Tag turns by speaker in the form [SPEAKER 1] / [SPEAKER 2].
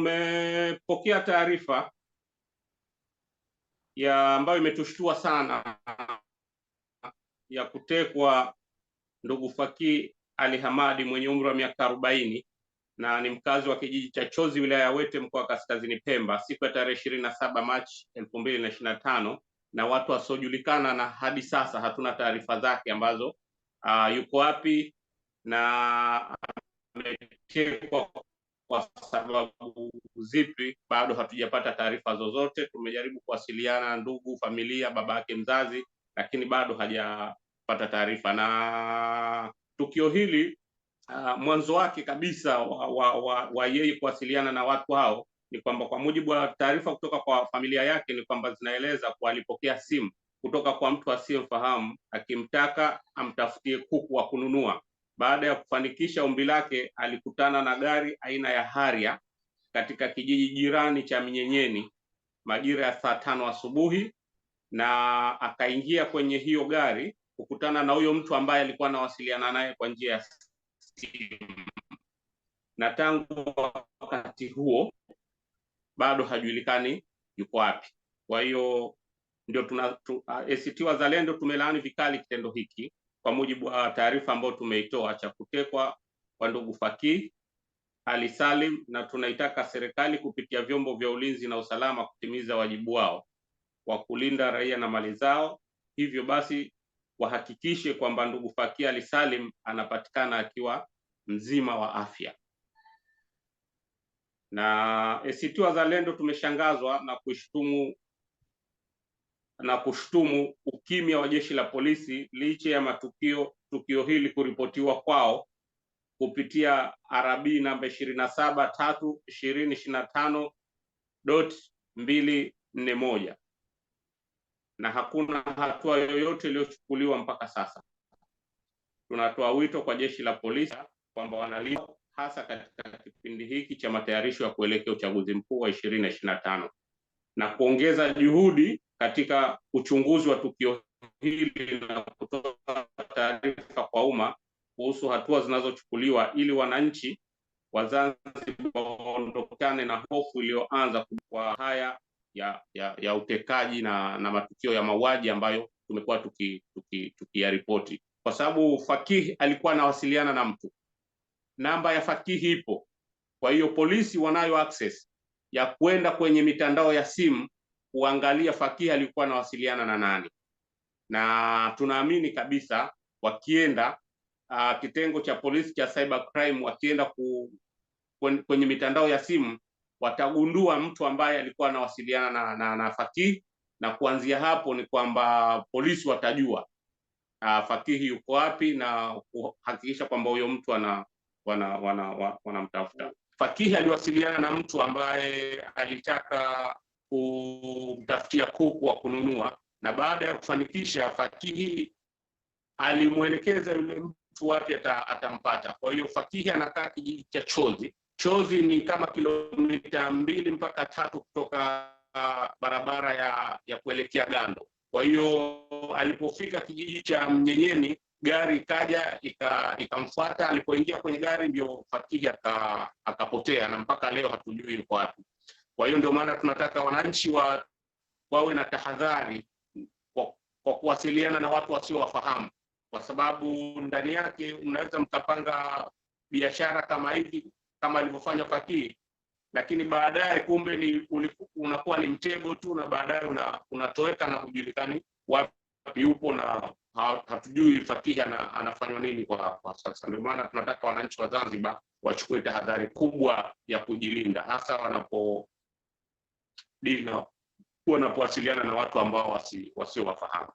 [SPEAKER 1] Tumepokea taarifa ya ambayo imetushtua sana ya kutekwa ndugu Faki Ali Hamadi mwenye umri wa miaka arobaini na ni mkazi wa kijiji cha Chozi wilaya ya Wete mkoa wa Kaskazini Pemba siku ya tarehe ishirini na saba Machi elfu mbili na ishirini na tano na watu wasiojulikana, na hadi sasa hatuna taarifa zake ambazo uh, yuko wapi na ametekwa kwa sababu zipi, bado hatujapata taarifa zozote. Tumejaribu kuwasiliana ndugu, familia, baba yake mzazi, lakini bado hajapata taarifa. Na tukio hili uh, mwanzo wake kabisa wa, wa, wa, wa yeye kuwasiliana na watu hao ni kwamba kwa mujibu wa taarifa kutoka kwa familia yake ni kwamba zinaeleza kuwa alipokea simu kutoka kwa mtu asiyemfahamu akimtaka amtafutie kuku wa kununua baada ya kufanikisha ombi lake, alikutana na gari aina ya Harrier katika kijiji jirani cha mnyenyeni majira ya saa tano asubuhi, na akaingia kwenye hiyo gari kukutana na huyo mtu ambaye alikuwa anawasiliana naye kwa njia ya simu, na tangu wakati huo bado hajulikani yuko wapi. Kwa hiyo ndio tuna tu, ACT Wazalendo tumelaani vikali kitendo hiki kwa mujibu wa ah, taarifa ambayo tumeitoa, cha kutekwa kwa ndugu Fakii Ali Salim, na tunaitaka serikali kupitia vyombo vya ulinzi na usalama kutimiza wajibu wao wa kulinda raia na mali zao. Hivyo basi wahakikishe kwamba ndugu Fakii Ali Salim anapatikana akiwa mzima wa afya. Na ACT Wazalendo tumeshangazwa na kushtumu na kushtumu ukimya wa jeshi la polisi licha ya matukio tukio hili kuripotiwa kwao kupitia RB namba ishirini na saba tatu ishirini ishirini na tano dot mbili nne moja na hakuna hatua yoyote iliyochukuliwa mpaka sasa. Tunatoa wito kwa jeshi la polisi kwamba wanalindwa hasa katika kipindi hiki cha matayarisho ya kuelekea uchaguzi mkuu wa ishirini na ishirini na tano na kuongeza juhudi katika uchunguzi wa tukio hili na kutoa taarifa kwa umma kuhusu hatua zinazochukuliwa ili wananchi wa Zanzibar waondokane na hofu iliyoanza kwa haya ya, ya, ya utekaji na, na matukio ya mauaji ambayo tumekuwa tukiyaripoti tuki, tuki kwa sababu Fakihi alikuwa anawasiliana na mtu, namba ya Fakihi ipo. Kwa hiyo polisi wanayo access ya kwenda kwenye mitandao ya simu kuangalia fakihi alikuwa anawasiliana na nani, na tunaamini kabisa wakienda uh, kitengo cha polisi cha cyber crime wakienda ku, kwenye mitandao ya simu watagundua mtu ambaye alikuwa anawasiliana na, na, na fakihi na kuanzia hapo ni kwamba polisi watajua uh, ah, fakihi yuko wapi na kuhakikisha kwamba huyo mtu ana wanamtafuta wana, wana, wana fakihi aliwasiliana na mtu ambaye alitaka kumtafutia kuku wa kununua, na baada ya kufanikisha fakihi alimwelekeza yule mtu wapi atampata. Kwa hiyo fakihi anakaa kijiji cha Chozi. Chozi ni kama kilomita mbili mpaka tatu kutoka uh, barabara ya ya kuelekea Gando. Kwa hiyo alipofika kijiji cha Mnyenyeni gari ikaja ikamfuata. Alipoingia kwenye gari ndio Fakihi akapotea, na mpaka leo hatujui yuko wapi. Kwa hiyo ndio maana tunataka wananchi wa wawe na tahadhari kwa, kwa kuwasiliana na watu wasiowafahamu, kwa sababu ndani yake mnaweza mkapanga biashara kama hivi kama alivyofanya Fakii, lakini baadaye kumbe ni unakuwa ni mtego tu, na baadaye una, unatoweka na hujulikani wapi upo na hatujui Fakihi ana, anafanywa nini kwa, kwa sasa. Ndio maana tunataka wananchi wa Zanzibar wachukue tahadhari kubwa ya kujilinda hasa wanapo dini kuwa na kuwasiliana na watu ambao wasi wasiowafahamu.